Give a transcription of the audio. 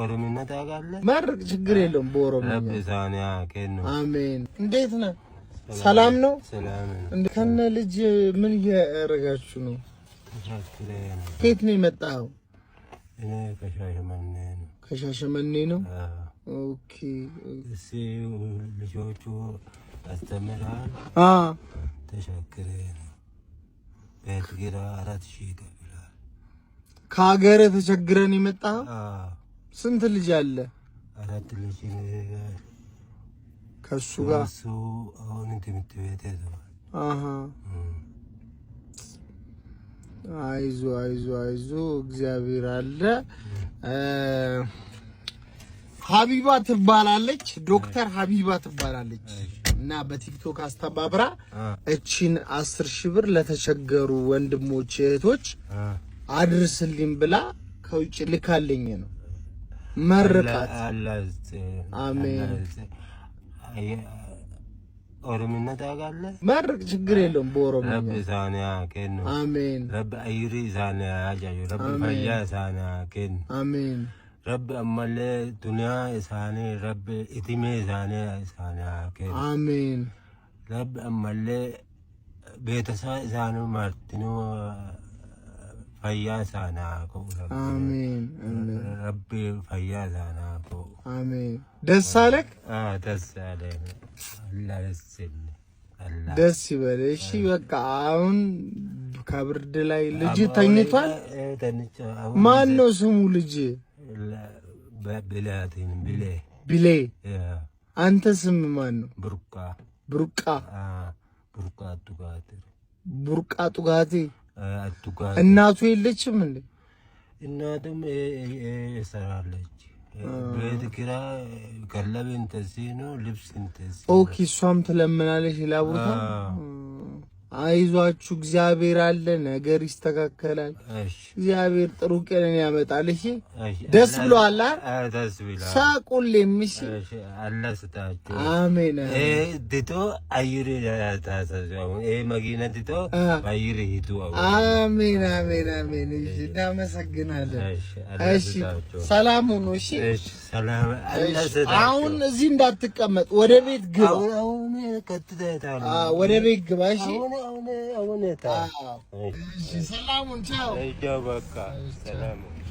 ኦሮምኛ ታውቃለህ? ማድረግ ችግር የለውም። በኦሮምኛ አሜን። እንዴት ነህ? ሰላም ነው። ሰላም ነው። ከነ ልጅ ምን እያደረጋችሁ ነው? ከየት ነው የመጣኸው? ከሻሸመኔ ነው። ኦኬ። እሺ። ልጆቹ አስተምራል? አዎ። ተሸክረህ ነው። ቤት ኪራይ አራት ሺህ ከሀገር ተቸግረን የመጣኸው? ስንት ልጅ አለ? አራት ልጅ ከሱ ጋር እሱ አሁን ትምህርት ቤት ያዘዋል። አይዞ አይዞ አይዞ እግዚአብሔር አለ። ሀቢባ ትባላለች፣ ዶክተር ሀቢባ ትባላለች እና በቲክቶክ አስተባብራ እቺን አስር ሺህ ብር ለተቸገሩ ወንድሞች እህቶች አድርስልኝ ብላ ከውጭ ልካለኝ ነው መርቃት ኦሮምኛ ታውቃለህ? መርቅ፣ ችግር የለውም። በኦሮምኛ ረብ ሳንያ ኬን አሜን፣ ረብ አይሪ ሳንያ ያጃዩ፣ ረብ ፈያ ሳንያ ኬን አሜን፣ ረብ አመለ ዱንያ ሳኔ፣ ረብ ኢቲሜ ሳኔ ሳንያ ኬን አሜን፣ ረብ አመለ ቤተሰብ ሳኑ ማርቲኖ fayyaa isaanaa አሜን። ረቢ fayyaa isaanaa አሜን። ደስ አለክ አዎ ደስ አለኝ። አላህ ደስ ደስ ይበል። እሺ በቃ አሁን ከብርድ ላይ ልጅ ተኝቷል። ማን ነው ስሙ ልጅ? ብሌ ብሌ። አንተ ስም ማን ነው? ቡርቃ ቡርቃ ጡጋቴ ቡርቃ ጡጋቴ እናቱ የለችም እንዴ? እናትም ሰራለች። ቤት ኪራይ ቀለብ እንደዚህ ነው፣ ልብስ እንደዚህ ኦኬ። እሷም ትለምናለች ሌላ ቦታ አይዟችሁ፣ እግዚአብሔር አለ፣ ነገር ይስተካከላል። እግዚአብሔር ጥሩ ቀንን ያመጣል። እሺ፣ ደስ ብሏል። ብሎሃል? ሳቁልኝ። እሺ፣ አሜን። ድቶ አይሪ ትቶ እ መኪና ድቶ አይሪ ሂዱ። አሜን፣ አሜን፣ አሜን። እናመሰግናለን። እሺ፣ እሺ፣ ሰላም ሁኑ። እሺ አሁን እዚህ እንዳትቀመጥ፣ ወደ ቤት ግባ። ወደ ቤት ግባ። እሺ፣ አሁን አሁን አሁን ታ እሺ፣ ሰላሙን ቻው። በቃ ሰላሙን